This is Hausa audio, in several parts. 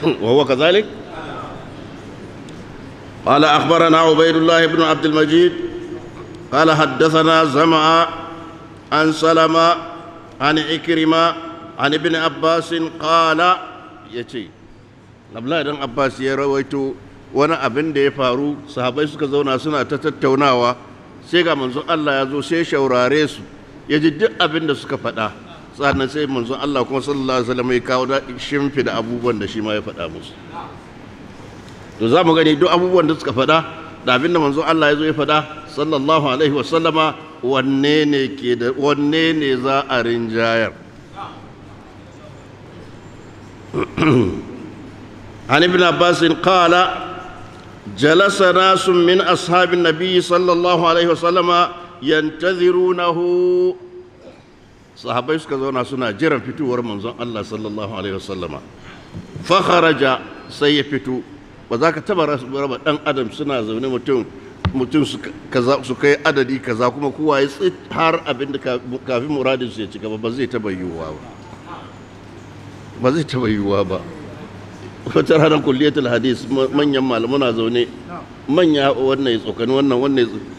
وهو كذلك قال أخبرنا عبيد الله بن عبد المجيد قال حدثنا زمع عن سلمة عن إكرمة عن ابن عباس قال يتي abdullahi dan abbas ya rawaito wani abin da ya faru sahabai suka zauna suna ta tattaunawa sai ga manzon allah ya zo sai shaurare su ya ji duk abin da suka faɗa sannan sai manzon Allah kuma sallallahu alaihi wasallam ya kawo shimfi da abubuwan da shi ma ya faɗa musu to za mu gani duk abubuwan da suka faɗa da abin da manzon Allah ya zo ya faɗa sallallahu alaihi wasallama wanne ne ke da wanne ne za a rinjayar عن ابن عباس قال جلس ناس من أصحاب النبي صلى الله عليه وسلم ينتظرونه Sahabai suka zauna suna jiran fitowar manzon Allah sallallahu alaihi wasallama fa kharaja sai ya fito ba za ka taba raba dan adam suna zaune mutum mutum su kai adadi kaza kuma kowa ya tsit har abinda kafin muradin su ya cika ba ba zai taba yiwuwa ba ba zai taba yiwuwa ba wata ranar kulliyatul hadis manyan malamuna zaune manya wannan ya tsokani wannan wannan ya tsokani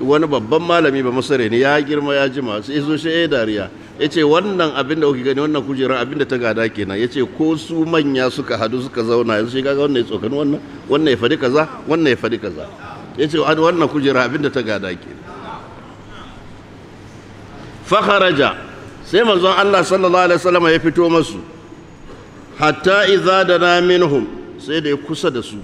wani babban malami ba masare ne ya girma ya jima sai zo shi ya dariya ya ce wannan abin da kuke gani wannan kujerar abin da ta gada kenan ya ce ko su manya suka hadu suka zauna yanzu shi kaga wannan ya tsokani wannan wannan ya faɗi kaza wannan ya faɗi kaza ya ce wannan kujerar abin da ta gada kenan fakharaja sai manzon Allah sallallahu alaihi wasallam ya fito masu hatta idza dana minhum sai da ya kusa da su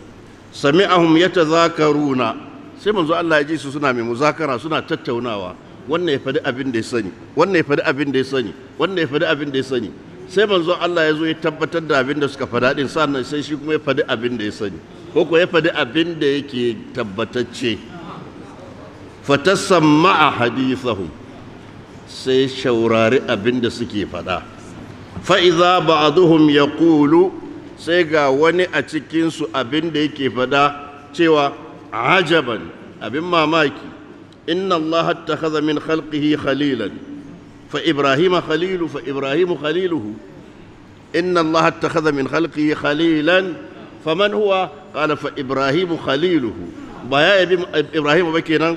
sami'ahum yatazakaruna sai manzo Allah ya ji su suna mai muzakara suna tattaunawa wannan ya faɗi abin da ya sani wannan ya faɗi abin da ya sani wannan ya faɗi abin da ya sani sai manzo Allah ya zo ya tabbatar da abin da suka faɗa din sannan sai shi kuma ya faɗi abin da ya sani ko ko ya faɗi abin da yake tabbatacce fatasamma'a hadithahum sai shaurari abin da suke faɗa fa idza ya yaqulu sai ga wani a cikin su abin da yake faɗa cewa عجبا أبما مايكي إن الله اتخذ من خلقه خليلا فإبراهيم خليل فإبراهيم خليله إن الله اتخذ من خلقه خليلا فمن هو قال فإبراهيم خليله بيا إبراهيم بكينا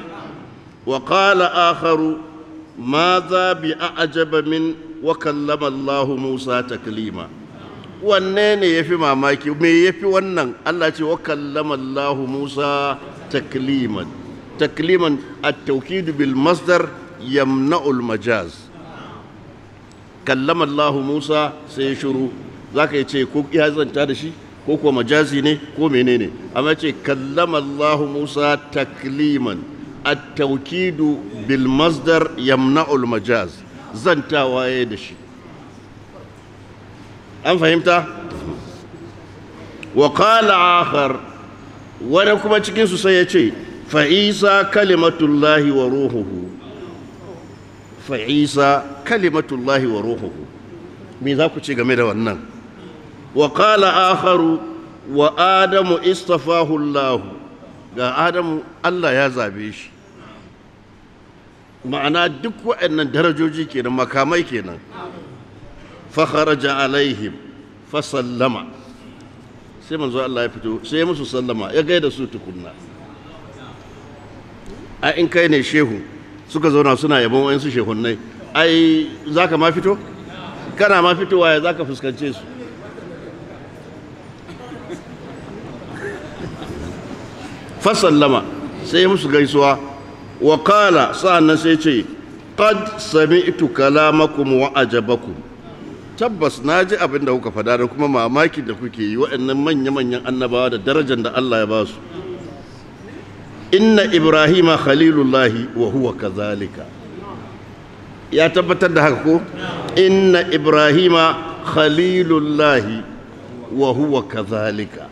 وقال آخر ماذا بأعجب من وكلم الله موسى تكليما wanne ne ya fi mamaki me ya fi wannan Allah ce wa kallama Allah Musa takliman takliman a Taukidu bil masdar yamna'ul majaz kallama Allah Musa sai shiru zaka ce ko ya zanta da shi ko kuwa majazi ne ko menene amma ce kallama Allah Musa takliman a Taukidu bil masdar yamna'ul majaz zantawa ya da shi an fahimta wa kala akhar wani kuma cikin su sai ya ce fa'isa kalimatullahi wa ruhuhu fa'isa isa kalimatullahi wa ruhuhu me za ku ce game da wannan wa kala akharu wa adamu istafahu Allah ga adamu Allah ya zabe shi ma'ana duk waɗannan darajoji kenan makamai kenan فخرج عليهم فسلم sai manzo Allah ya fito sai musu sallama ya gaida su tukunna a in kai ne shehu suka zauna suna yabon wayansu shehunnai ai zaka ma fito kana ma fitowa ya zaka fuskance su fa sallama sai musu gaisuwa Wakala sa na sai ce qad sami'tu kalamakum wa ajabakum tabbas na ji abin da kuka faɗa da kuma mamakin da kuke yi waɗannan manya-manyan annabawa da darajar da Allah ya ba su inna ibrahima khalilullahi wa huwa kazalika ya tabbatar da haka ko inna ibrahima khalilullahi wa huwa kazalika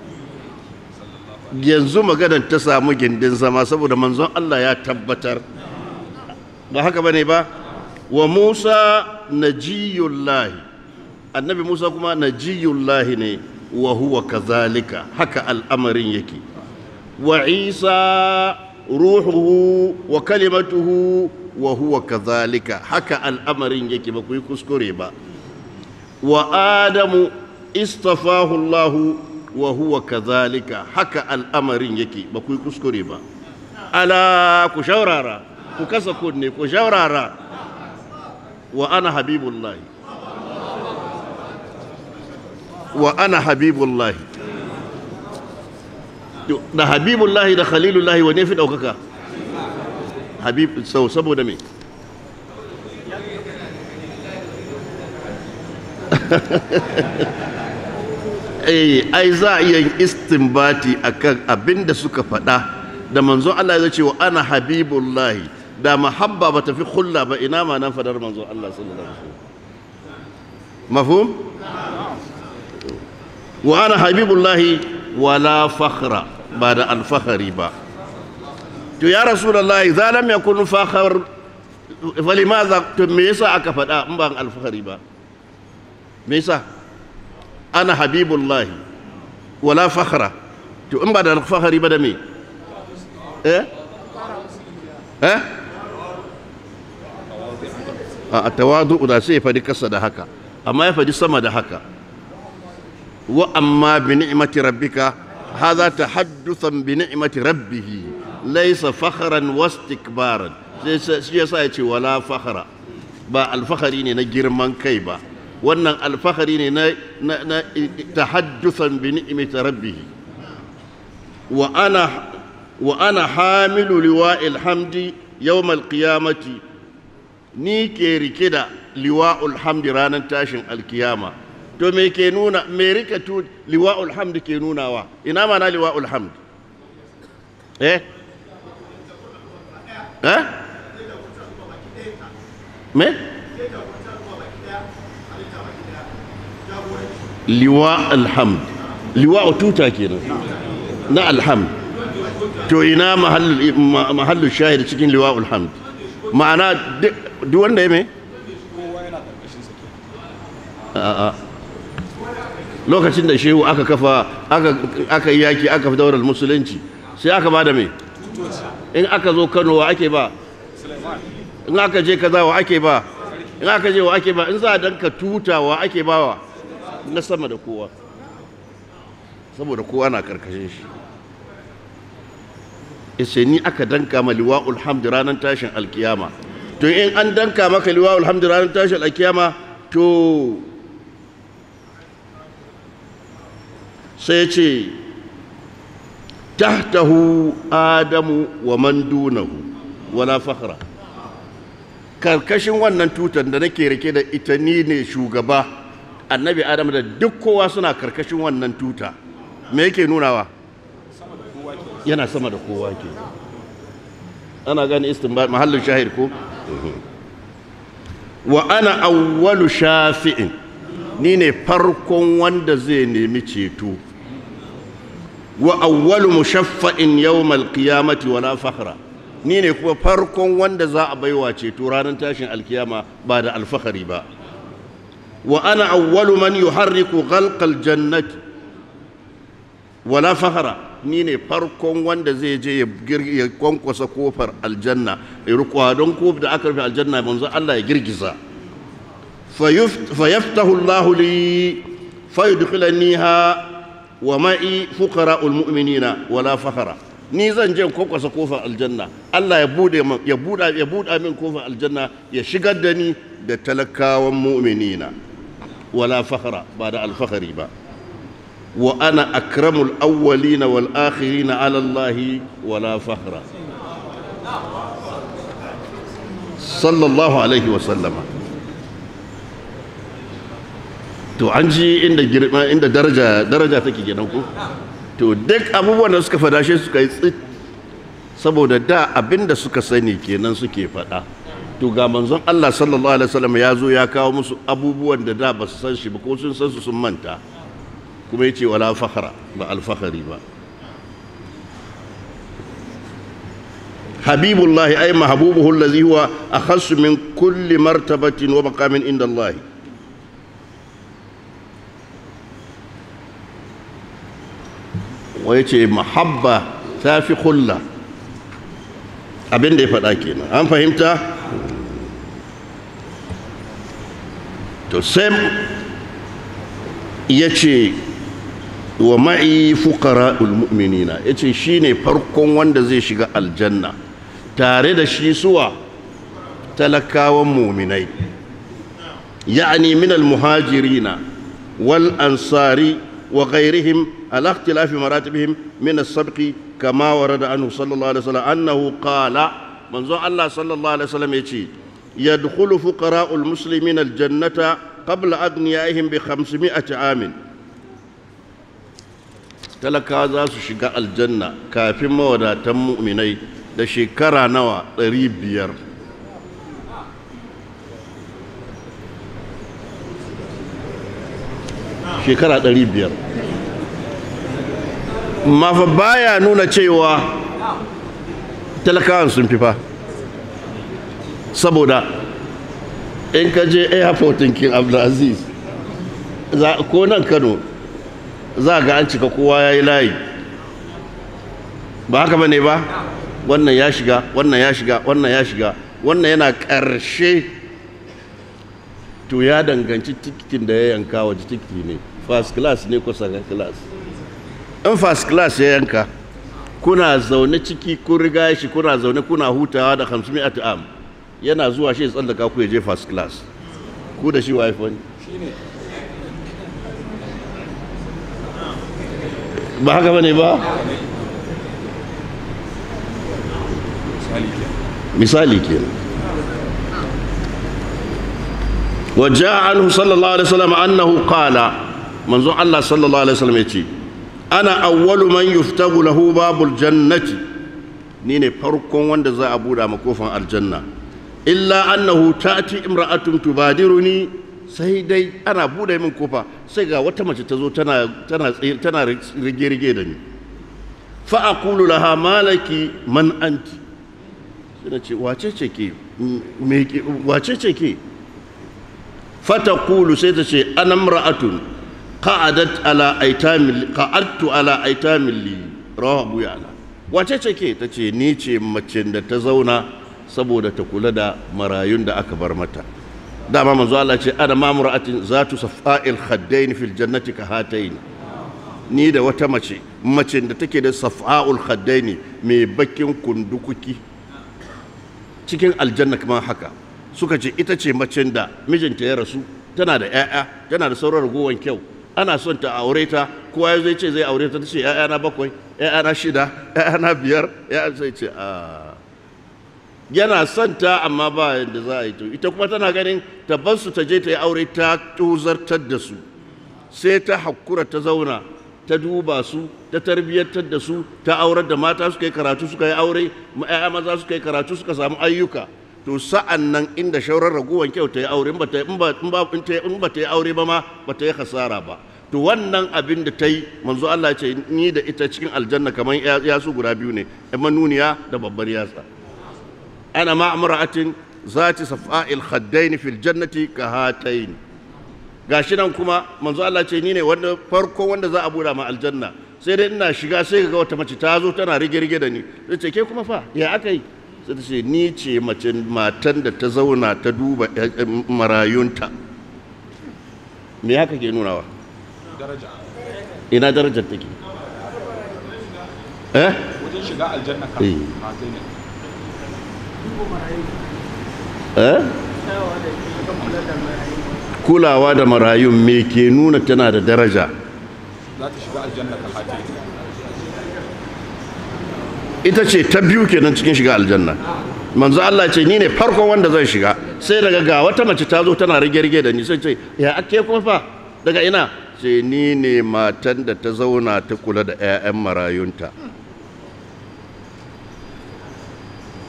yanzu maganar ta samu gindin zama saboda manzon Allah ya tabbatar ba haka bane ba wa Musa najiyullahi annabi Musa kuma na najiyullahi ne wa huwa kazalika haka al'amarin yake wa Isa ruhuhu wa kalimatuhu wa huwa kazalika haka al'amarin yake ba ku yi kuskure ba wa Adamu istafahu Allahu wa huwa kazalika haka al'amarin yake ba ku yi kuskure ba ala ku shaurara ku kasa kunne ku shaurara wa ana habibullahi wa ana habibullahi da habibullahi da khalilullahi wane fi daukaka habib sau saboda me eh ai za a iya istinbati akan abinda suka faɗa da manzon Allah ya ce wa ana habibullahi da mahabba ba tafi kulla ba ina ma nan fadar manzon Allah sallallahu alaihi wasallam mafhum wa ana habibullahi wala fakhra ba da alfahari ba to ya rasulullahi za lam yakun fakhar falimaza to me yasa aka faɗa in ba alfahari ba me yasa ana habibullahi wala fakhra to in ba da alfahari ba da me eh eh a tawadu da sai ya kasa da haka amma ya faɗi sama da haka wa amma bi ni'mati rabbika hadha tahaddusan bi ni'mati rabbih laysa fakhran wa istikbaran shi yasa yace wala fakhra ba al ne na girman kai ba wannan al-fakhri ne na tahaddusan bi ni'mati rabbih wa ana hamilu liwa'il hamdi yawm qiyamati ni ke rike da liwa'ul ranar tashin alkiyama. to me ke nuna me rika tu liwa'ul hamd ke nunawa ina mana liwa'ul hamd eh eh me liwa alhamd liwa tuta kenan na alhamd to ina mahallu shahid cikin liwa alhamd ma'ana duk wanda ya me a'a lokacin da shehu aka kafa aka yi yaki aka fi daular musulunci sai aka ba da mai in aka zo kano wa ake ba in aka je kaza wa ake ba in aka je wa ake ba in za a danka tuta wa ake wa? na sama da kowa saboda kowa na karkashin shi ishe ni aka danka ma liwa'ul hamd ranar tashin alkiyama to in an danka maka liwa'ul hamd ranar tashin alkiyama to sai ce tahtahu adamu wa man dunahu wala fakhra karkashin wannan tutar da nake rike da ita ni ne shugaba annabi adam da duk kowa suna karkashin wannan tuta me yake nunawa yana sama da kowa ke ana gane istinbat mahallin shahir ko wa ana awwalu shafi'in ni ne farkon wanda zai nemi ceto wa awwalu mushaffa'in yawmal qiyamati wala fakhra ni ne kuma farkon wanda za a baiwa ceto ranar tashin alkiyama ba da alfahari ba wa ana awwalu man yuharriku ghalqal jannati wala fakhra ni ne farkon wanda zai je ya kwankwasa kofar aljanna ya rukwa don kof da aka rufe aljanna manzo Allah ya girgiza فيفتح الله لي فيدخلنيها ومعي فقراء المؤمنين ولا فخرا ni zan je kwakwasa kofar aljanna Allah ya bude ya buda ya buda min kofar aljanna ya shigar da ni da talakawan mu'minina wala fakhra ba da alfakhari ba wa ana akramul awwalina wal akhirina ala Allah wala fakhra sallallahu alaihi wa sallama to an ji inda girma inda daraja daraja take gidan ku to duk abubuwan da suka fada shi suka yi tsit saboda da abinda suka sani kenan suke fada to ga manzon Allah sallallahu alaihi wasallam ya zo ya kawo musu abubuwan da da ba su san shi ba ko sun san su sun manta kuma yace wala fakhra ba al-fakhri ba habibullahi ay mahbubuhu allazi huwa akhassu min kulli martabatin wa maqamin inda Allah wai ce mahabba ta fi kulla abin da ya faɗa kenan an fahimta to sai ya ce wa ma'i fukara ulmu'minina ya ce shi ne farkon wanda zai shiga aljanna tare da shi suwa talakawan muminai ya'ani minal muhajirina wal ansari wa gairihim على اختلاف مراتبهم من السبق كما ورد عنه صلى الله عليه وسلم أنه قال منذ الله صلى الله عليه وسلم يتي يدخل فقراء المسلمين الجنة قبل أغنيائهم بخمسمائة عام talaka za su shiga aljanna kafin mawadatan mu'minai da shekara nawa ɗari biyar shekara ɗari biyar mafa baya nuna cewa talakawan sun fi fa saboda in ka je airport king abdulaziz ko nan kano za ga an cika kowa ya yi layi ba haka ba ne ba wannan ya shiga wannan ya shiga wannan ya shiga wannan yana ƙarshe to ya danganci tikitin da ya yanka waje tikiti ne first class ne ko second class in first class ya yanka kuna zaune ciki kun riga shi kuna zaune kuna hutawa da 500 am yana zuwa shi tsallaka ku ya je first class ku da shi wife ne ba haka bane ba misali kenan وجاء عنه صلى الله عليه وسلم أنه قال منذ الله صلى الله عليه وسلم ana awwalu man yuftabu lahu babul jannati ni ne farkon wanda za a buɗa ma kofan aljanna illa annahu tati imra'atun tubadiruni sai dai ana buɗe min kofa sai ga wata mace ta zo tana tana tana rige rige da ni fa aqulu laha malaki man anti sai ce wace ce ke me wace ce ke fata kulu sai ta ce ana imra'atun qa'adat ala aitamil qa'adtu ala aitamil li rawahu wace ce ke tace ni ce mace da ta zauna saboda ta kula da marayun da aka bar mata dama manzo Allah ce ana mamra'atin zatu safa'il khaddain fil jannati ka hatain ni da wata mace mace da take da safa'ul mai bakin kundukuki cikin aljanna kamar haka suka ce ita ce macen da mijinta ya rasu tana da 'ya'ya tana da sauran ragowar kyau ana son ta aure ta kowa ya zai ce zai aure ta ce ‘ya'yana bakwai ‘ya'yana shida ‘ya'yana biyar ‘ya'ya zai ce a ah. yana son ta amma ba yadda za a yi to ita kuma tana ganin ta ta je ta yi aure ta tozartar da su sai ta hakura ta zauna ta duba su ta tarbiyyantar da su ta aurar da mata suka yi karatu suka yi aure ma'aya maza suka yi karatu suka samu ayyuka to sa'an nan inda shaurar raguwan kyau ta yi aure in ba ta yi aure ba ma ba ta yi hasara ba to wannan abin da ta yi manzo Allah ce ni da ita cikin aljanna kamar yasu guda biyu ne manuniya da babbar yatsa ana ma amra'atin zati safa'il khaddain fil jannati ka hatain gashi nan kuma manzo Allah ce ni ne wanda farko wanda za a buɗa ma aljanna sai dai ina shiga sai ga wata mace ta zo tana rige-rige da ni zai ce ke kuma fa ya aka yi sai ta ce ni ce mace matan da ta zauna ta duba eh, eh, marayunta me haka ke nunawa ina darajar take eh wajen shiga aljanna ka eh. eh kulawa da marayun me ke nuna tana da daraja za ta shiga aljanna ka ita ce ta biyu kenan cikin shiga aljanna manzo Allah ce ni ne farko wanda zan shiga sai daga ga wata mace ta zo tana rige rige da ni sai ce ya ake kuma fa daga ina ce ni ne matan da ta zauna ta kula da ƴaƴan marayunta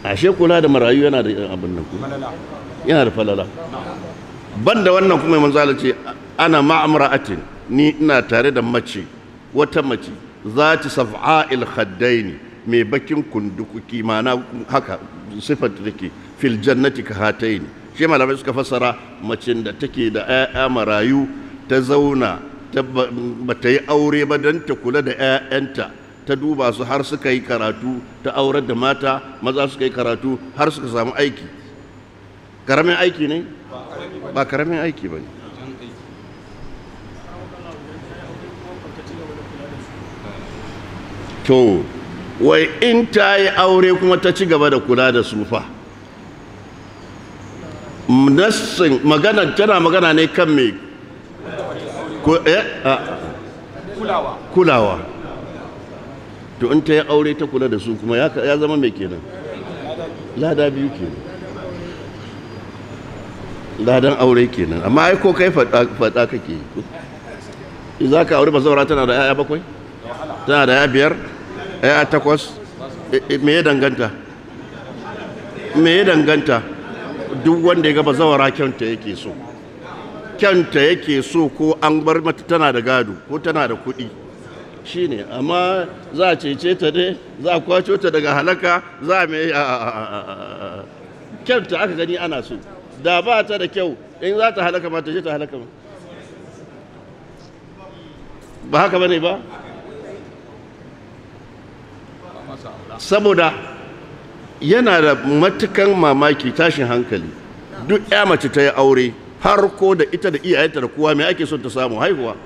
ashe kula da marayu yana da abin nan ku yana da falala banda wannan kuma manzo Allah ce ana ma'amra'atin ni ina tare da mace wata mace zati saf'a'il khaddaini mai bakin kundukuki mana haka sifar da take fil jannati ka hatai ne shi malamai suka fassara mace da take da 'ya'ya marayu ta zauna bata yi aure ba don ta kula da 'ya'yanta ta duba su har suka yi karatu ta aurar da mata maza suka yi karatu har suka samu aiki karamin aiki ne ba karamin aiki ba ne to wai in ta yi aure kuma ta ci gaba da kula da su fa nassin magana tana magana ne kan me eh, kulawa to in ta yi aure ta kula da su kuma ya zama mai kenan lada biyu kenan ladan aure kenan amma ai ko kai fada kake yi za ka aure ba zaura tana da 'ya'ya bakwai tana da 'ya biyar ya eh, takwas eh, eh, me ya danganta me ya danganta duk wanda ya gaba zawara kyanta yake so kyanta yake so ko an bar mata tana da gado ko tana da kuɗi shi ne amma za a cece ta ne za a kwaco ta daga halaka za a mai kyanta aka gani ana so da ba ta da kyau in za ta halaka ma ta je ta halaka ba haka ba ne ba saboda yana da matukan mamaki tashin hankali duk ya mace ta yi aure ko da ita da iyayenta da kowa mai ake son ta samu haihuwa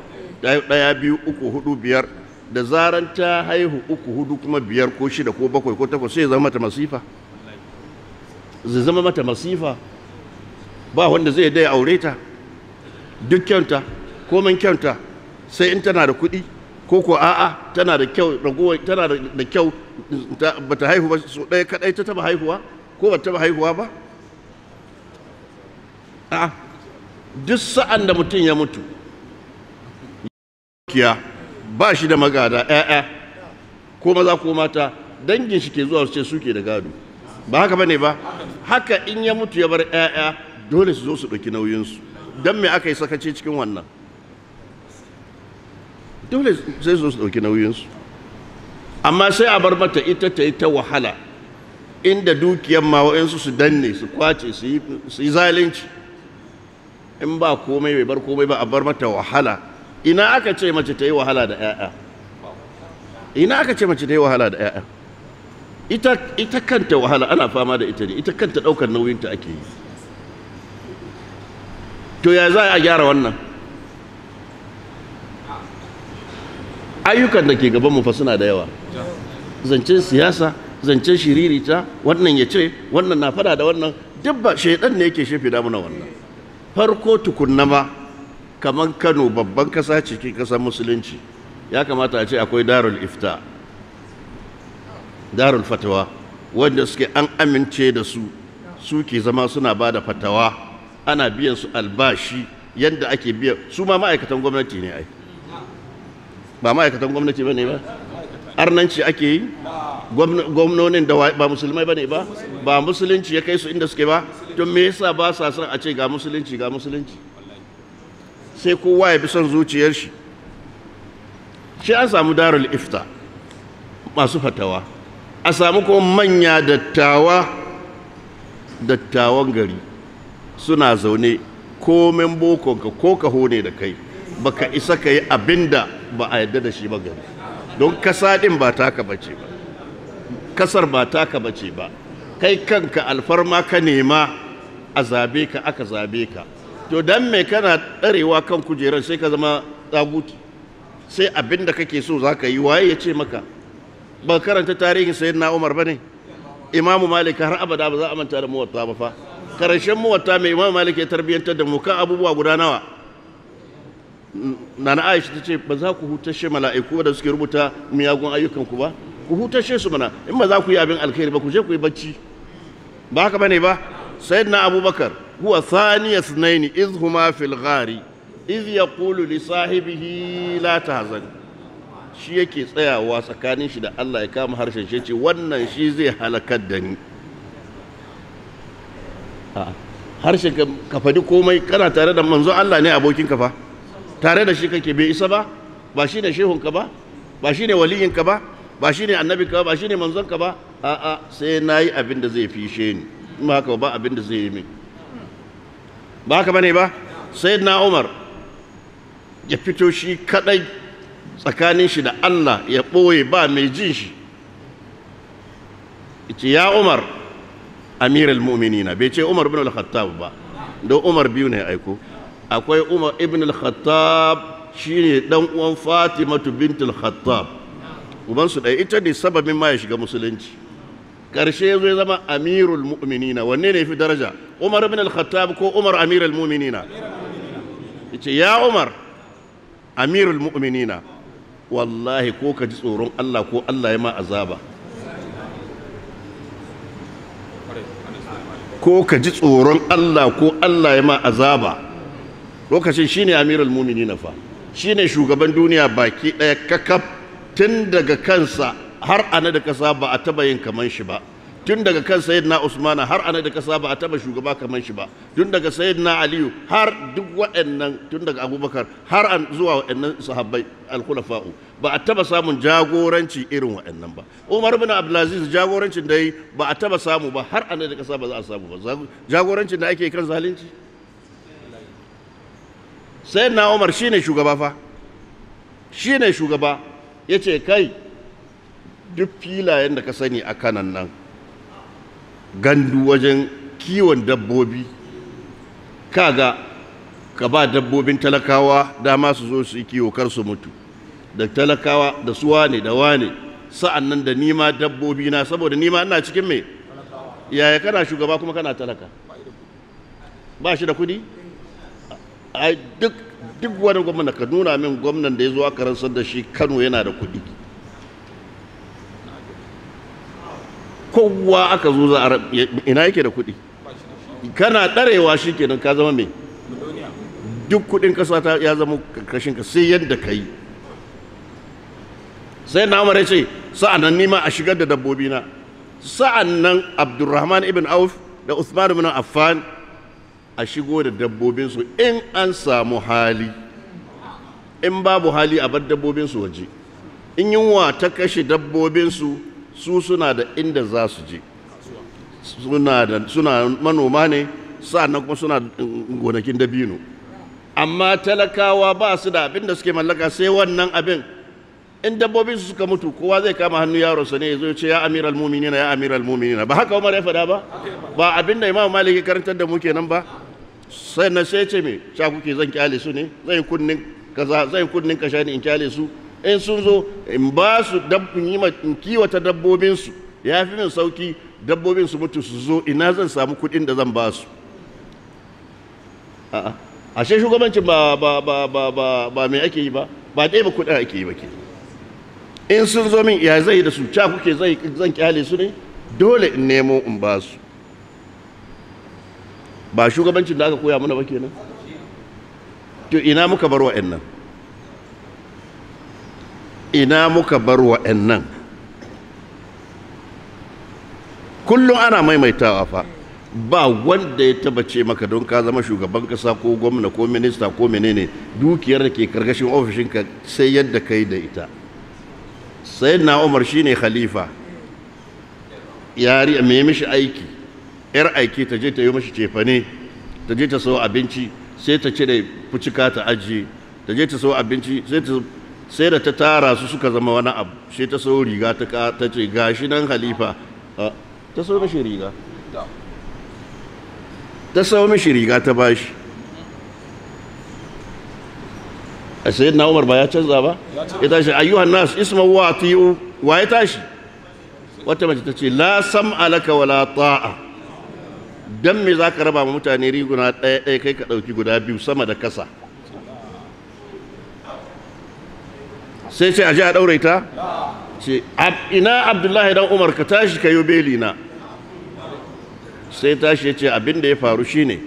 ɗaya biyu uku hudu biyar da zaran ta haihu uku hudu kuma biyar ko shida ko bakwai ko takwas sai zama mata masifa zai zama mata masifa ba wanda zai dai aure ta duk kyanta komin kyanta sai in tana da kuɗi ko ko a'a tana da kyau ragowa tana da kyau ba haihu ba so ɗaya kaɗai ta taba haihuwa ko ba taba haihuwa ba a'a duk sa'an da mutum ya mutu kiya ba shi da magada 'ya'ya, ko maza ko mata dangin shi ke zuwa su ce suke da gado ba haka ne ba haka in ya mutu ya bar 'ya'ya dole su zo su ɗauki nauyinsu don me aka yi sakace cikin wannan dole sai su ɗauki nauyinsu amma sai a bar mata ita ta yi ta wahala inda dukiyan ma wa'insu su danne su kwace su yi zalunci in ba komai bai bar komai ba a bar mata wahala ina aka ce mace ta yi wahala da 'ya'ya ina aka ce mace ta yi wahala da 'ya'ya ita, ita kanta wahala ana fama da ita ne ita kanta ɗaukar nauyinta ake yi to ya za a gyara wannan ayyukan da ke gaban mu fa suna da yawa zancen siyasa zancen shiririta wannan ya ce wannan na fada da wannan duk ba shaidan ne yake shefe damuna wannan farko tukunna kaman kamar Kano babban kasa ce ke kasar musulunci ya kamata a ce akwai darul ifta darul fatawa wanda suke an amince da su suke zama suna ba da fatawa ana biyan su albashi yadda ake biyan su ma ma'aikatan gwamnati ne ai ba ma'aikatan gwamnati ba ne ba arnanci ake yi gwamnonin da ba musulmai ba ne ba ba musulunci ya kai su inda suke ba to me yasa ba sa son a ce ga musulunci ga musulunci sai kowa ya bi son zuciyar shi shi an samu darul ifta masu fatawa a samu kuma manya dattawa dattawan gari suna zaune ko boko ka ko kaho ne da kai baka isa ka yi abin da ba a yadda da shi ba gari don kasa ɗin ba taka bace ba kasar ba ka bace ba kai kanka alfarma ka nema a zabe ka aka zabe ka to dan mai kana tsarewa kan kujerar sai ka zama tsaguti sai abin da kake so za ka yi waye ya ce maka ba karanta tarihin sayin na umar ba ne imamu malik har abada ba za a manta da muwatta ba fa karshen muwatta mai imamu malik ya tarbiyyantar da mu abubuwa guda nawa nana aisha ta ce ba za ku hutashe mala'iku da suke rubuta miyagun ayyukanku ba ku hutashe su mana in ba za ku yi abin alkhairi ba ku je ku yi bacci ba haka bane ba na abubakar huwa thaniya sunaini iz huma fil ghari iz yaqulu li sahibihi la tahzan shi yake tsayawa tsakanin shi da Allah ya kama harshen shi ce wannan shi zai halakar da ni harshen ka fadi komai kana tare da manzo Allah ne abokin kafa? fa tare da shi kake bai isa ba ba shi ne shehunka ba ba shi ne waliyinka ba ba shi ne ka ba shi ne manzonka ba a'a sai na yi abin da zai fishe ni in ba haka ba abin da zai yi min ba haka bane ba sai na umar ya fito shi kadai tsakanin shi da allah ya ɓoye ba mai jin shi ce ya umar amir al-mu'minina bai ce umar bin al-khattab ba don umar biyu ne aiko akwai umar ibn al-khattab shine dan uwan fatimatu bint al-khattab ubansu ɗaya ita ne sababin ma ya shiga musulunci karshe zai zama amirul mu'minina wanne ne fi daraja umar ibn al-khattab ko umar amirul mu'minina yace ya umar amirul mu'minina wallahi ko ka ji tsoron Allah ko Allah ya ma azaba ko ka ji tsoron Allah ko Allah ya ma azaba lokacin shine mumini na fa ne shugaban duniya baki ɗaya kakaf tun daga kansa har ana da kasa ba a taba yin kaman shi ba tun daga kan na usmana har ana da kasa ba a taba shugaba kaman shi ba tun daga sayyidina aliyu har duk waɗannan tun daga abubakar har an zuwa waɗannan sahabbai alkulafa'u ba a taba samun jagoranci irin waɗannan ba umar bin abdulaziz jagorancin da yi ba a taba samu ba har ana da kasa ba za a samu ba jagorancin da ake kan zalunci sai na umar shine shugaba fa shine shugaba ya ce kai duk filayen da ka sani a kanan nan gandu wajen kiwon dabbobi kaga ka ba dabbobin talakawa dama su zo su kiwo kar su mutu da talakawa da su wane da wane sa'an nan da nima dabbobi na saboda nima ina cikin mai yaya kana shugaba kuma kana talaka ba shi da kudi ai duk wani gwamna ka nuna min gwamnan da ya zo aka rantsar da shi Kano yana da kuɗi kowa aka zo za a ina yake da kuɗi kana ɗarewa shi kenan ka zama mai duk kuɗin ƙasa ya zama ƙarƙashin ka sai yadda ka yi sai na umar ya ce sa'annan nima a shigar da dabbobina. na sa'annan abdurrahman ibn auf da uthman ibn affan a shigo da dabbobinsu in an samu hali in babu hali a bar dabbobinsu waje in yunwa ta kashe dabbobinsu su suna da inda za su je suna manoma ne sa'annan kuma suna mm, gonakin dabino amma talakawa ba su da abin da suke mallaka sai wannan abin in dabbobin su suka mutu kowa zai kama hannu yaro sa ne ya zo ce ya amiral mu'minina ya amiral mu'minina ba haka Umar ya faɗa ba ba abin da Imam Malik ya karantar da mu kenan ba sannan sai ce me sha kuke zan kyale su ne zan kunnin kaza zan kunnin kasha ne in kyale su in sun zo in ba su in kiwata dabbobin su ya fi min sauki dabbobin su mutu su zo ina zan samu kuɗin da zan ba su a'a ashe shugabancin ba ba ba ba ba ba me ake yi ba ba dai ba kuɗin ake yi ba ke in sun zo min ya zai da su ca kuke zan kyale su ne dole in nemo in ba su ba shugabancin da aka koya mana ba kenan to ina muka bar wa wa'annan ina muka bar wa wa'annan kullum ana maimaitawa fa ba wanda ya taba ce maka don ka zama shugaban kasa ko gwamna ko minista ko menene dukiyar da ke karkashin ofishinka sai yadda ka yi da ita sai na umar shine khalifa yari mai mishi aiki yar aiki ta je ta yi mashi cefane ta je ta so abinci sai ta cire fucika ta ajiye ta je ta so abinci sai ta sai da ta tara su suka zama wani abu sai ta so riga ta ta ce gashi nan halifa ta so mishi riga ta so mishi riga ta bashi a sayi na umar ba ya canza ba ya tashi ayyuhan nas isma wa tiyu wa ya tashi wata mace ta ce la sam alaka wala ta'a don me za ka raba mutane riguna ɗaya ɗaya kai ka ɗauki guda biyu sama da kasa sai sai a ji a ɗaure ce ina abdullahi dan umar ka tashi ka yi beli na sai tashi ya ce abin da ya faru shine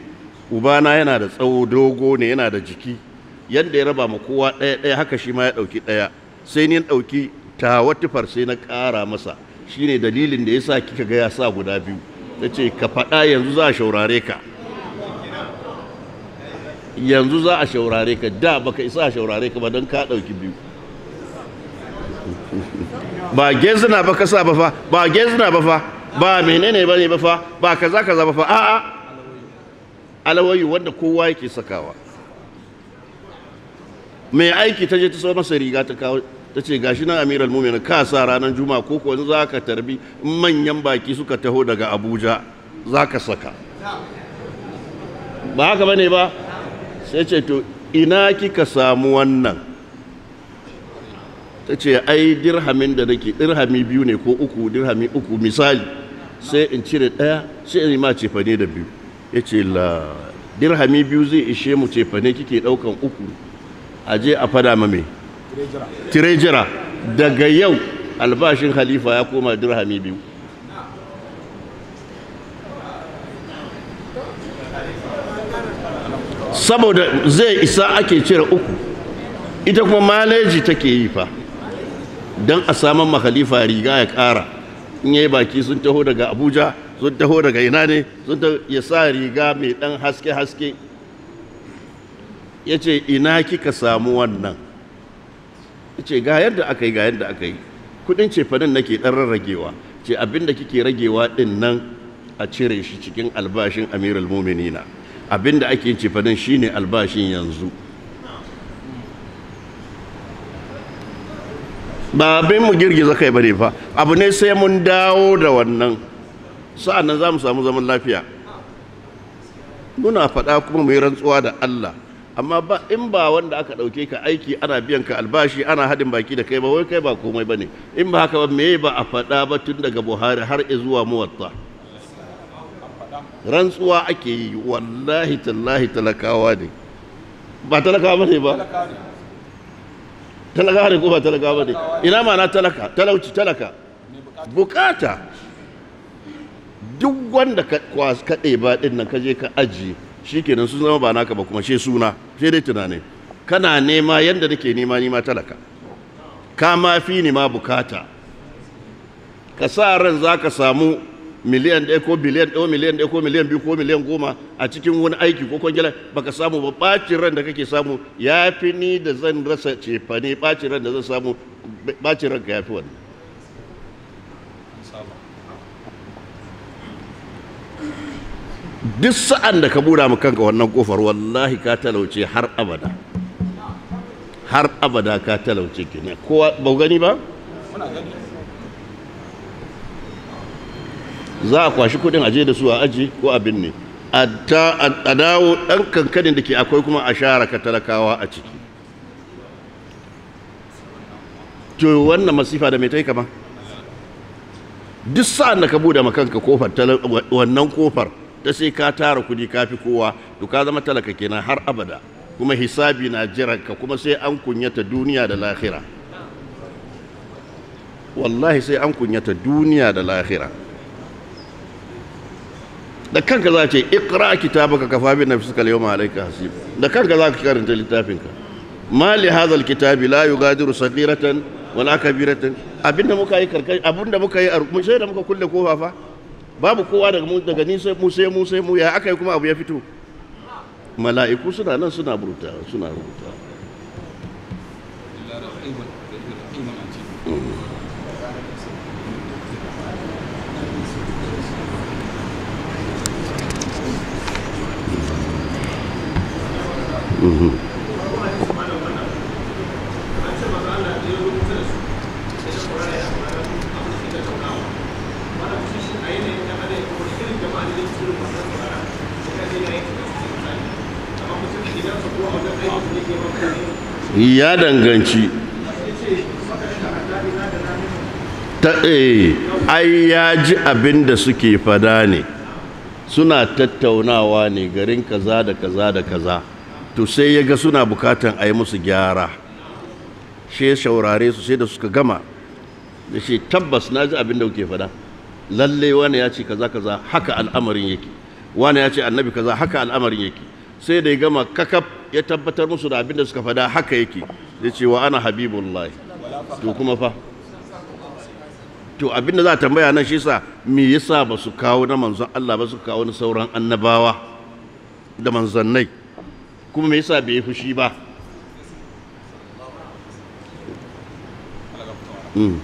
ubana yana da tsawo dogo ne yana da jiki yadda ya raba ma kowa ɗaya ɗaya haka shi ma ya ɗauki ɗaya sai ni ɗauki ta wata sai na ƙara masa shine dalilin da ya sa kika ga ya sa guda biyu ta ce ka faɗa yanzu za a shaurare ka yanzu za a shaurare ka da baka isa a shaurare ka ba don ka ɗauki biyu ba gezina ba kasa ba fa ba gezina ba fa ba menene ba ne ba fa ba kaza kaza ba fa a'a alawayi wanda kowa yake sakawa mai aiki ta je ta so masa riga ta kawo ta ce gashi nan amiral mumina ka sa ranar juma ko ko za ka tarbi manyan baki suka taho daga abuja za ka saka ba haka bane ba sai ce to ina kika samu wannan ta ce ai dirhamin da nake dirhami biyu ne ko uku dirhami uku misali sai in cire ɗaya sai in ma cefane da biyu ya ce la dirhami biyu zai ishe mu cefane kike ɗaukan uku aje a fada ma tirejira daga yau albashin halifa ya koma dirhami biyu saboda zai isa ake cire uku ita kuma maleji take yi fa don a saman mahalifa riga ya kara in yi baki sun taho daga abuja sun taho daga ina ne sun taho ya sa riga mai ɗan haske-haske ya ce ina kika samu wannan ce ga yadda aka yi ga yadda aka yi kudin cefanen nake dan rarragewa ce abinda kike ragewa din nan a cire shi cikin albashin amirul muminina abin da ake cefanen shine albashin yanzu ba abin mu girgiza kai bane fa abu ne sai mun dawo da wannan sa'an nan za mu samu zaman lafiya muna faɗa kuma mu rantsuwa da Allah amma ba in ba wanda aka ɗauke ka aiki ana biyan ka albashi ana haɗin baki da kai ba wai kai ba komai ba ne in ba haka ba me ba a faɗa ba tun daga buhari har zuwa muwatta rantsuwa ake yi wallahi tallahi talakawa ne ba talakawa ba ne ba talakawa ne ko ba talakawa ba ne ina ma na talaka talauci talaka bukata duk wanda ka ɗeba ɗin nan ka je ka ajiye shikenan sun zama ba naka ba kuma she suna sai dai tunani kana nema yanda nake nema nima ma talaka ka ma fi ni ma bukata ka sa ran za ka samu miliyan ɗaya ko biliyan ɗaya miliyan ɗaya ko miliyan biyu ko miliyan goma a cikin wani aiki ko kwangila baka samu ba ɓacin ran da kake samu ya fi ni da zan rasa cefane ɓacin ran da zan samu ɓacin ran ka ya fi wannan duk sa'an da ka buɗa mu kanka wannan kofar wallahi ka talauce har abada har abada ka talauce ke ne kowa ba gani ba za a kwashi kudin aje da su a aji ko abin ne a dawo ɗan kankanin da ke akwai kuma a shara ka talakawa a ciki to wannan masifa da mai ta yi kama duk sa'an da ka bude makanka kofar wannan kofar ta sai ka tara kudi ka fi kowa to ka zama talaka kenan har abada kuma hisabi na ka kuma sai an kunyata duniya da lahira wallahi sai an kunyata duniya da lahira da kanka za ce ikra kitabaka kafa bi na al-yawma alayka hasib da kanka za ka karanta littafinka ma li hadha kitabi la yugadiru saghiratan wala kabiratan abinda muka yi karkai abinda muka yi mun sai da muka kulle kofa fa babu kowa daga mu daga ni sai mu sai mu sai mu ya yi kuma abu ya fito mala'iku suna nan suna rubuta suna rubuta Mm-hmm. ya danganci ta eh, ai ya ji abin da suke fada ne suna tattaunawa ne garin kaza da kaza da kaza to sai ya ga suna bukatan a yi musu gyara ya shaurare su sai da suka gama da shi tabbas na ji abin da kuke fada lalle wani ya ce kaza kaza haka al'amarin yake wani ya ce annabi kaza haka al'amarin yake sai da ya gama kakaf ya tabbatar musu da abin da suka fada haka yake ya ce wa ana habibullahi to kuma fa to abin da za a tambaya nan shi sa me yasa ba su kawo na manzon Allah ba su kawo na sauran annabawa da manzannai kuma me yasa bai fushi ba hmm.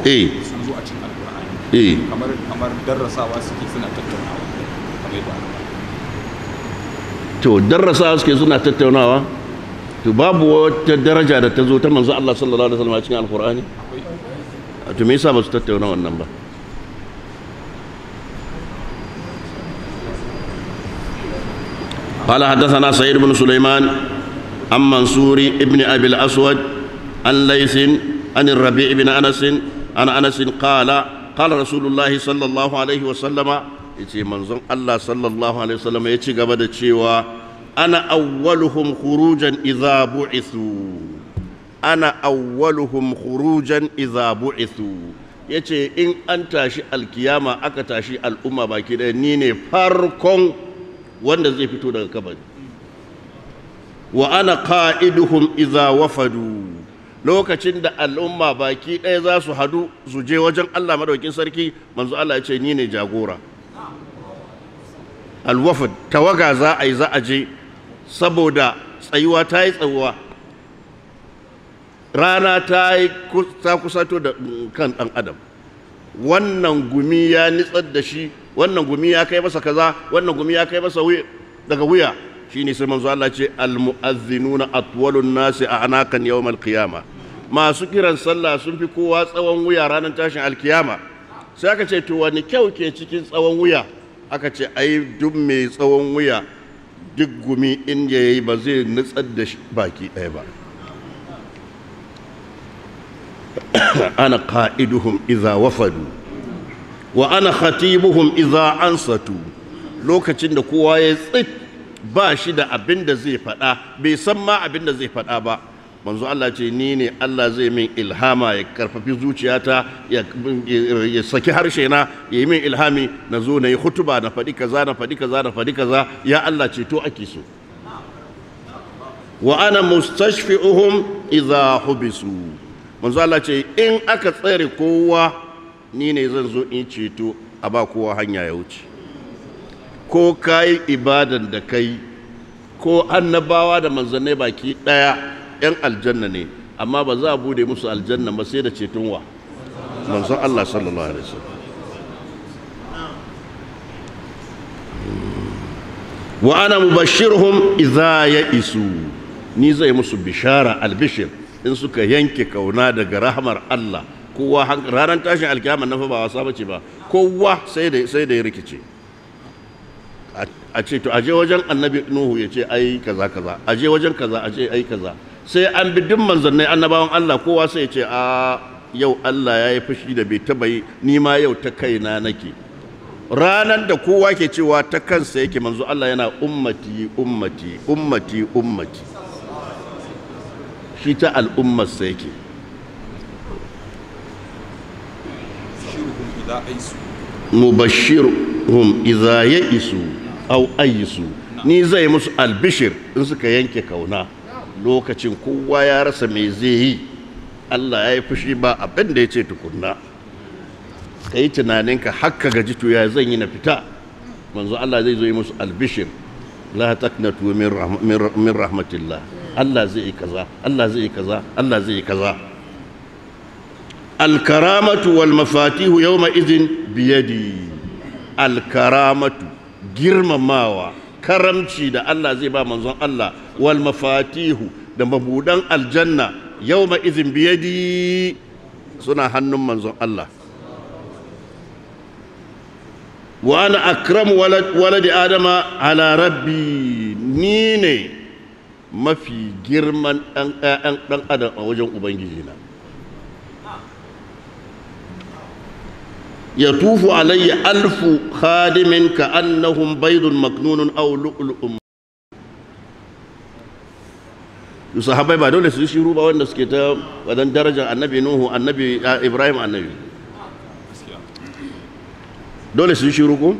Eh. waɗannan sun zo a cikin alƙur'ani eh. kamar kamar darrasawa suke suna tattauna to darasa suke suna tattaunawa to babu wata daraja da ta zo ta manzo Allah sallallahu alaihi wasallam a cikin alqur'ani to me yasa ba su tattauna wannan ba قال حدثنا سعيد بن سليمان عن منصور ابن ابي الاسود عن ليث عن الربيع بن انس عن انس قال قال رسول الله صلى الله عليه وسلم yace manzon Allah sallallahu alaihi wasallam ya ci gaba da cewa ana awwaluhum khurujan idza bu'ithu ana awwaluhum khurujan idza bu'ithu yace in an tashi alkiyama aka tashi al'umma baki ɗaya ni ne farkon wanda zai fito daga kabari wa ana qa'iduhum idza wafadu lokacin da al'umma baki ɗaya za su hadu su je wajen Allah madaukin sarki manzo Allah ya ce ni ne jagora alwafud tawaga za a yi za a je saboda tsayuwa ta yi tsayuwa rana ta yi ta kusato da mm, kan ɗan adam wannan gumi ya nitsar da shi wannan gumi ya kai masa kaza wannan gumi ya kai masa daga wuya Shi shine sai manzo Allah ce almu'azzinuna atwalun nasi a'nakan yawmal qiyama masu kiran sallah sun fi kowa tsawon wuya ranar tashin alkiyama sai aka ce to wani kyau ke cikin tsawon wuya aka ce ai duk mai tsawon wuya duk gumi in ya yi ba zai nutsar da baki ɗaya ba ana ka'iduhum iza wafadu wa ana khatibuhum iza ansatu lokacin da kowa ya tsit ba shi da abin da zai faɗa bai san ma abin da zai faɗa ba manzo Allah ce ni ne Allah zai min ilhama ya karfafi zuciyata ya saki harshe na ya yi min ilhami na zo na yi hutuba na faɗi kaza na faɗi kaza na faɗi kaza ya Allah ce to ake so wa ana mustashfi'uhum hubisu manzo Allah ce in aka tsere kowa ni ne zan zo in ceto a ba kowa hanya ya wuce ko kayi ibadan da kai ko annabawa da manzannai baki ɗaya. yan aljanna ne amma ba za a bude musu aljanna ba sai da ceton wa manzon Allah sallallahu alaihi wasallam wa ana mubashshirhum idza ya'isu ni zai musu bishara albishir in suka yanke kauna daga rahmar Allah kowa ranar tashin alkiyama na fa ba wasa bace ba kowa sai da sai da ya rikice a ce to aje wajen annabi nuhu ya ce ai kaza kaza aje wajen kaza aje ai kaza sai an bi duk manzannai annabawan Allah kowa sai ya ce a yau Allah ya yi fushi da bai taba yi ni ma yau ta kaina nake ranar da kowa ke cewa ta kansa yake manzo Allah yana ummati ummati ummati ummati shi ta al'ummarsa yake mubashirhum idza ya'isu aw ayisu ni zai musu albishir in suka yanke kauna lokacin kowa ya rasa me zai yi Allah ya yi fushi ba abin da ya ce tukunna ka yi tunaninka hakka gaji to ya zan yi na fita manzo Allah zai zo yi musu albishir la taknatu min rahmatillah Allah zai yi kaza Allah zai yi kaza Allah zai yi kaza alkaramatu wal mafatihu yawma idin biyadi alkaramatu girmamawa karamci da Allah zai ba manzon Allah wal mafatihu da mabudan aljanna yawma izin biyadi suna hannun manzon Allah wa ana akramu waladi adama ala rabbi ni ne mafi girman ɗan adam a wajen ubangijina يطوف علي ألف خادم كأنهم بيض مكنون أو لؤلؤ sahabbai ba dole su shiru ba wanda suke ta wadan darajar annabi nuhu ibrahim annabi dole shiru ko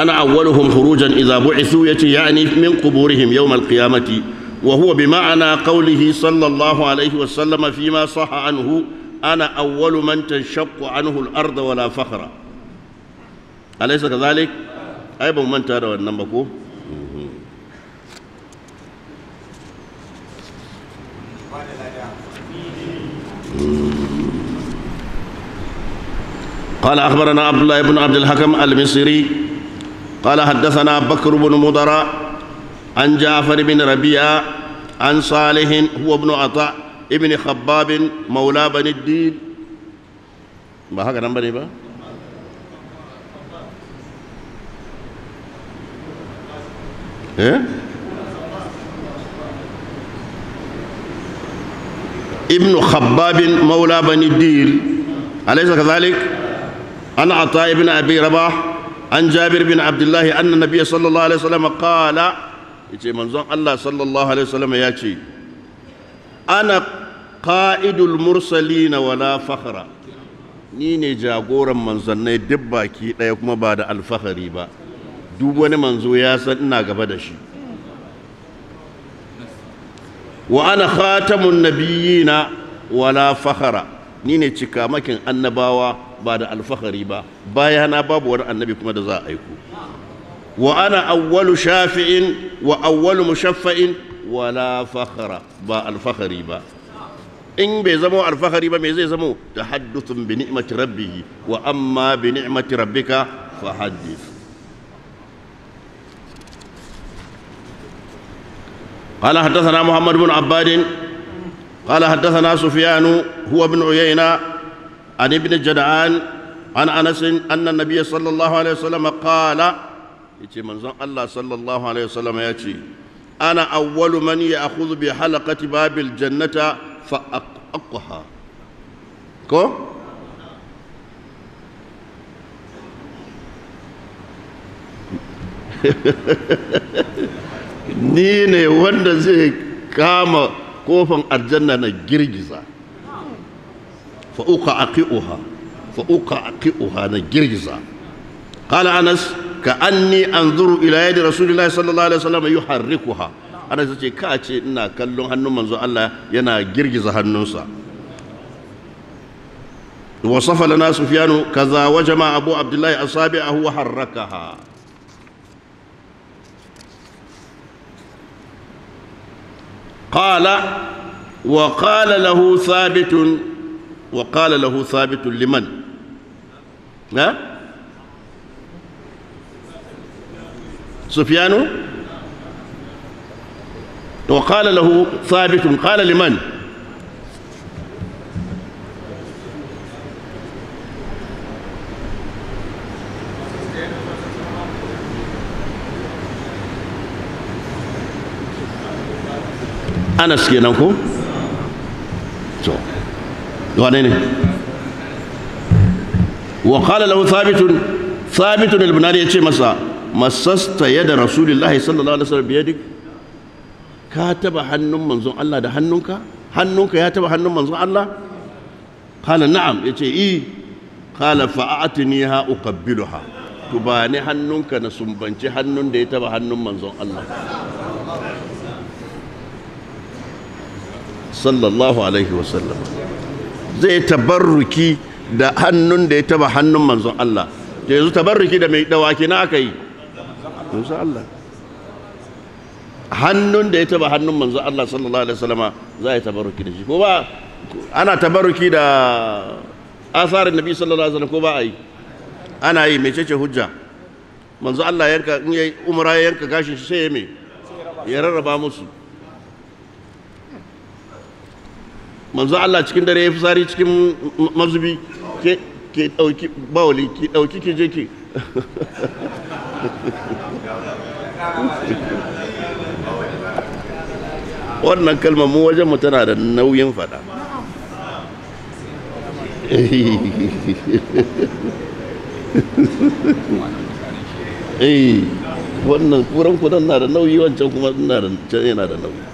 ana awwaluhum khurujan idza bu'isu yace yani min quburihim yawm al-qiyamati wa huwa bi ma'ana qawlihi sallallahu alaihi wa sallama fi ma sahha anhu ana awwalu man tanshaqqu anhu al-ard wa la fakhra alaysa kadhalik da wannan ba ko قال أخبرنا عبد الله بن عبد الحكم المصري قال حدثنا بكر بن مضر عن جعفر بن ربيع عن صالح هو ابن عطاء ابن خباب مولى بن الدين ما هذا نمبر يبقى إيه؟ ابن خباب مولى بني الدين أليس كذلك؟ أنا عطاء ابن أبي رباح عن جابر بن عبد الله أن النبي صلى الله عليه وسلم قال يجي من زون الله صلى الله عليه وسلم ياتي أنا قائد المرسلين ولا ni ne jagoran manzannai duk baki ɗaya kuma ba da alfahari ba duk wani manzo ya san ina gaba da shi wa ana khatamun na wala fakhara ni ne cika makin annabawa ba da alfahari ba bayana babu wani annabi kuma da za a aiko wa ana awwalu shafi'in wa awwalu mushaffa'in wala fakhara ba alfahari ba in bai zama alfahari ba me zai zama tahadduthun bi ni'mati rabbihi wa amma bi ni'mati rabbika fahaddith قال حدثنا محمد بن عباد قال حدثنا سفيان هو ابن عيينة عن ابن جدعان عن أنس أن النبي صلى الله عليه وسلم قال يتي منزل الله صلى الله عليه وسلم يأتي أنا أول من يأخذ بحلقة باب الجنة فأقها كو ni ne wanda zai kama kofin aljanna na girgiza fa uka aqi'uha fa na girgiza qala anas ka anni anzuru ila yadi sallallahu alaihi wasallam yuharrikuha anas yace ka ce ina kallon hannu manzo Allah yana girgiza hannunsa وصف لنا سفيان كذا وجمع أبو عبد الله أصابعه وحركها قال وقال له ثابت وقال له ثابت لمن ها سفيان وقال له ثابت قال لمن أنس كينكم so wane ne wa qala lahu thabitun thabitun al-bunani yace masa masasta yada rasulullahi sallallahu alaihi wasallam biyadik ka taba hannun manzon Allah da hannunka hannunka ya taba hannun manzon Allah qala na'am yace i qala fa'atniha uqabbiluha to ba hannunka na sumbanci hannun da ya taba hannun manzon Allah sallallahu alaihi zai tabarruki da hannun da ya taba hannun manzon Allah da yanzu tabarruki da mai dawaki na aka yi manzon Allah hannun da ya taba hannun manzon Allah sallallahu alaihi wasallama za ya tabarruki da shi ko ba ana tabarruki da asarin nabi sallallahu alaihi wasallam ko ba a yi ana yi mai cece hujja manzo Allah yanka in yayi umra yanka gashin shi sai ya me ya rarraba musu manzo Allah cikin dare ya fitsari cikin mazubi ke ke dauki bawali ki dauki ki je ki wannan kalma mu wajen mu tana da nauyin fada eh wannan kuran kudan na da nauyi wancan kuma yana da nauyi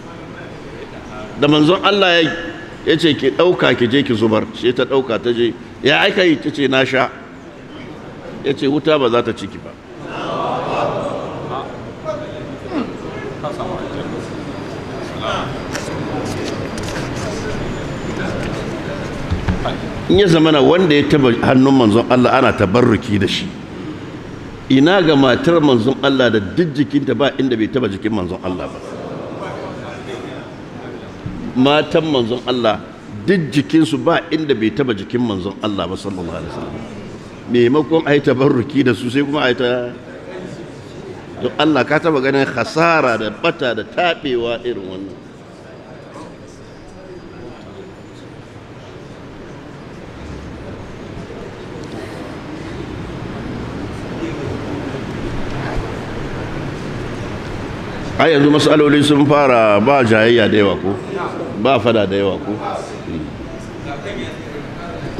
da manzon Allah ya ya ce ki ɗauka ki je ki zubar shi ta ɗauka ta je ya aika yi ta ce na sha ya ce wuta ba za ta ciki ba in ya zamana wanda ya taba hannun manzon Allah ana tabarruki da shi ina ga matar manzon Allah da duk jikinta ba inda bai taba jikin manzon Allah ba matan manzon Allah duk jikinsu ba inda bai taba jikin manzon Allah ba sallallahu alaihi wasallam maimakon ai tabarruki da su sai kuma yi ta don Allah ka taba ganin hasara da bata da taɓewa irin wannan har yanzu matsaloli sun fara ba jayayya da yawa ko ba fada da yawa ko hmm.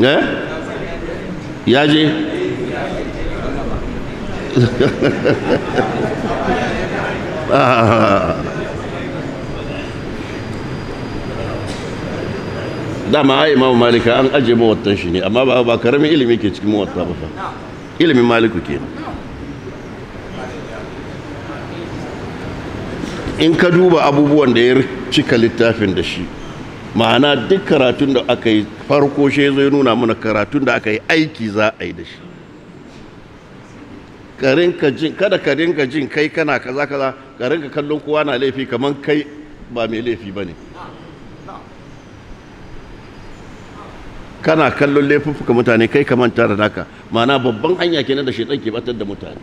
eh? ya je dama ai imamu malika an ajiye mawattan shi ne amma ba karamin ilimi ke cikin mawatta ba fa ilimin maliku kenan in ka duba abubuwan da ya cika littafin da shi ma'ana duk karatun da aka yi farko shi zai nuna mana karatun da aka yi aiki za a yi da shi kada ka rinka jin kai kana kaza kaza ka rinka kallon kowa na laifi kamar kai ba mai laifi ba ne kana kallon laifuffuka mutane kai kamar tara naka ma'ana babban hanya kenan da shi ke batar da mutane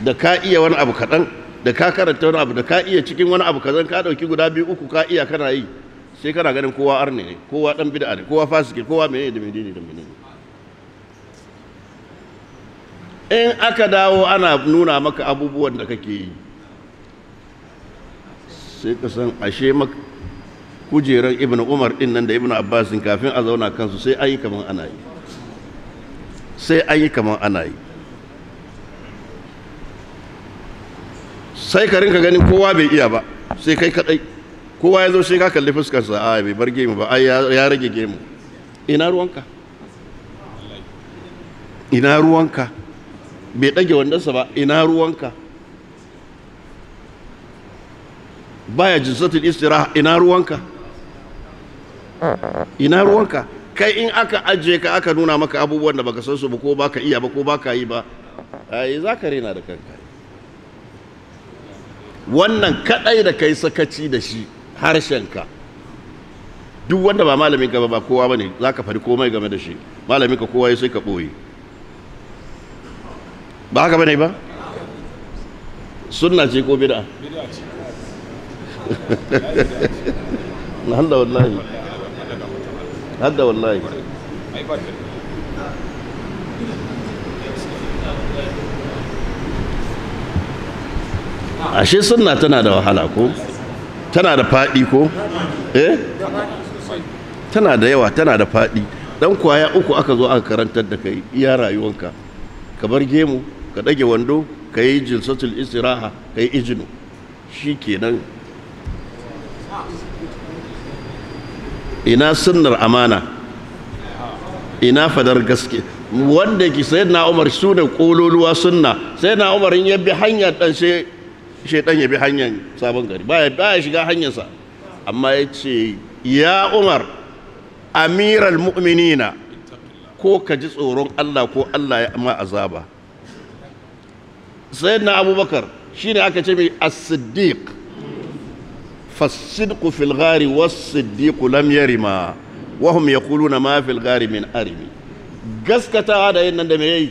da ka iya wani abu kaɗan da ka karanta wani abu da ka iya cikin wani abu kazan ka dauki guda biyu uku ka iya kana yi sai kana ganin kowa arne ne kowa dan bid'a ne kowa fasike kowa menene da menene da menene in aka dawo ana nuna maka abubuwan da kake yi sai ka san ashe maka kujeran ibn umar din nan da ibn abbasin kafin a zauna kansu sai an yi kaman ana yi sai an yi kaman ana yi sai ka rinka ganin kowa bai iya ba sai kai kadai kowa ya zo sai ka kalli fuskarsa a bai bar gemu ba ai ya rage gemu ina ruwanka ina ruwanka bai dage wandonsa ba ina ruwanka baya jinsatul istiraha ina ruwanka ina ruwanka kai in aka ajiye ka aka nuna maka abubuwan da baka san su ba ko baka iya ba ko baka yi ba ai za ka rena da kanka wannan kadai da kai sakaci da shi harshenka duk wanda ba malamin ka ba kowa bane zaka fari komai game da shi malamin ka kowa sai ka boye ba haka bane ba sunna ce ko bid'a bid'a ce Allah wallahi hadda wallahi ai ba ashe sunna tana da wahala ko tana da faɗi ko eh tana da yawa tana da faɗi dan kwaya uku aka zo aka karantar da kai iya rayuwanka ka bar gemu ka dage wando ka yi jilsatul istiraha ka yi ijinu shi kenan ina sunnar amana ina fadar gaske wanda ki na umar su da kololuwa sunna na umar in yabi bi hanyar dan sai shaitan ya bi hanyar sabon gari baya baya shiga hanyarsa amma ya ce ya umar amiral mu'minina ko ka ji tsoron Allah ko Allah ya amma azaba sayyidina abubakar shi ne aka ce mai as-siddiq filgari في الغار والصديق لم يرما وهم يقولون filgari min arimi gaskatawa da yin nan da mai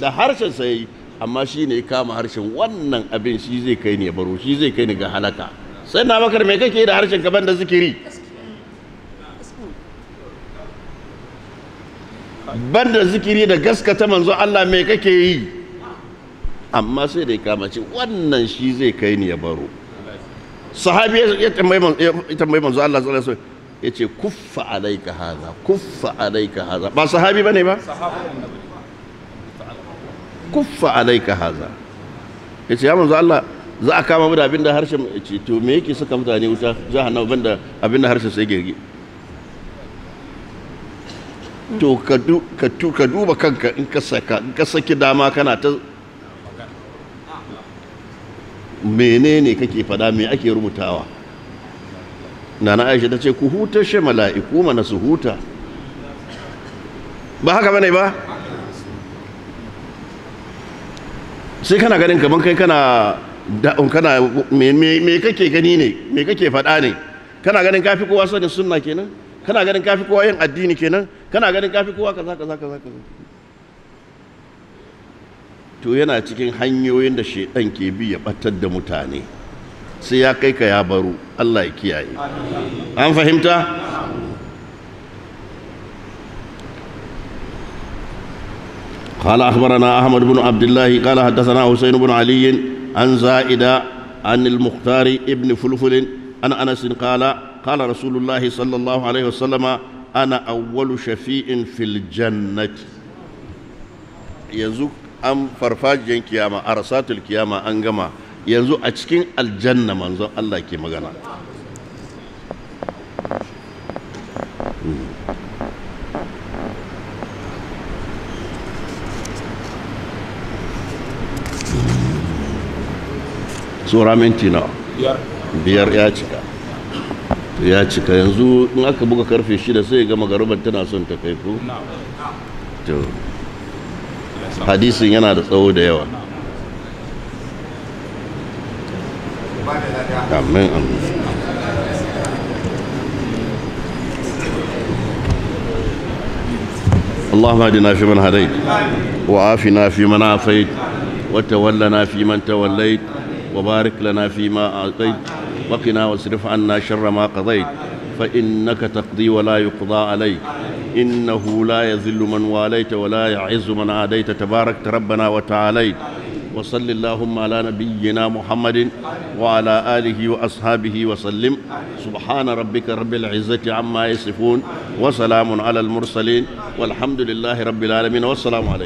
da harshen sai amma shi ne kama harshen wannan abin shi zai kai ne baro shi zai kai ni ga halaka sai na bakar mai kake da harshen ka da zikiri ban da zikiri da gaskata manzo Allah me kake yi amma sai da kama ce wannan shi zai kai ni ya baro sahabi ya tambayi manzo Allah sallallahu alaihi wasallam yace kuffa alaika haza kuffa alaika haza ba sahabi bane ba sahabi kuffa alaika haza yace ya manzo Allah za a kama mu da abinda harshen ce to me yake suka mutane wuta na banda abinda harshen sai gege to ka duba kanka in ka saka in ka saki dama kana ta menene kake fada me ake rubutawa nana aisha ta ce ku huta shi mala'iku mana su huta ba haka bane ba sai kana ganin kamar kai kana kana me kake gani ne me kake faɗa ne kana ganin kafi kowa sanin sunna kenan kana ganin kafi kowa yin addini kenan kana ganin kafi kowa kaza kaza kaza kaza to yana cikin hanyoyin da shedan ke bi ya batar da mutane sai ya kai ka ya baro Allah ya kiyaye an fahimta قال أخبرنا أحمد بن عبد الله قال حدثنا حسين بن علي عن زائدة عن المختار ابن فلفل عن أنس قال قال رسول الله صلى الله عليه وسلم أنا أول شفيء في الجنة يزك أم فرفاجين كياما أرسات الكياما أنجما yanzu a cikin aljanna manzon Allah ke magana tsora minti nawa biyar ya cika ya cika yanzu in aka buga karfe shida sai ga magaruban tana son ta kai ko hadisin yana da tsawo da yawa amin amin اللهم اهدنا فيمن هديت وعافنا فيمن عافيت وتولنا فيمن توليت وبارك لنا فيما أعطيت وقنا واصرف عنا شر ما قضيت فإنك تقضي ولا يقضى عليك إنه لا يذل من واليت ولا يعز من عاديت تباركت ربنا وتعاليت وصل اللهم على نبينا محمد وعلى آله وأصحابه وسلم سبحان ربك رب العزة عما يصفون وسلام على المرسلين والحمد لله رب العالمين والسلام عليكم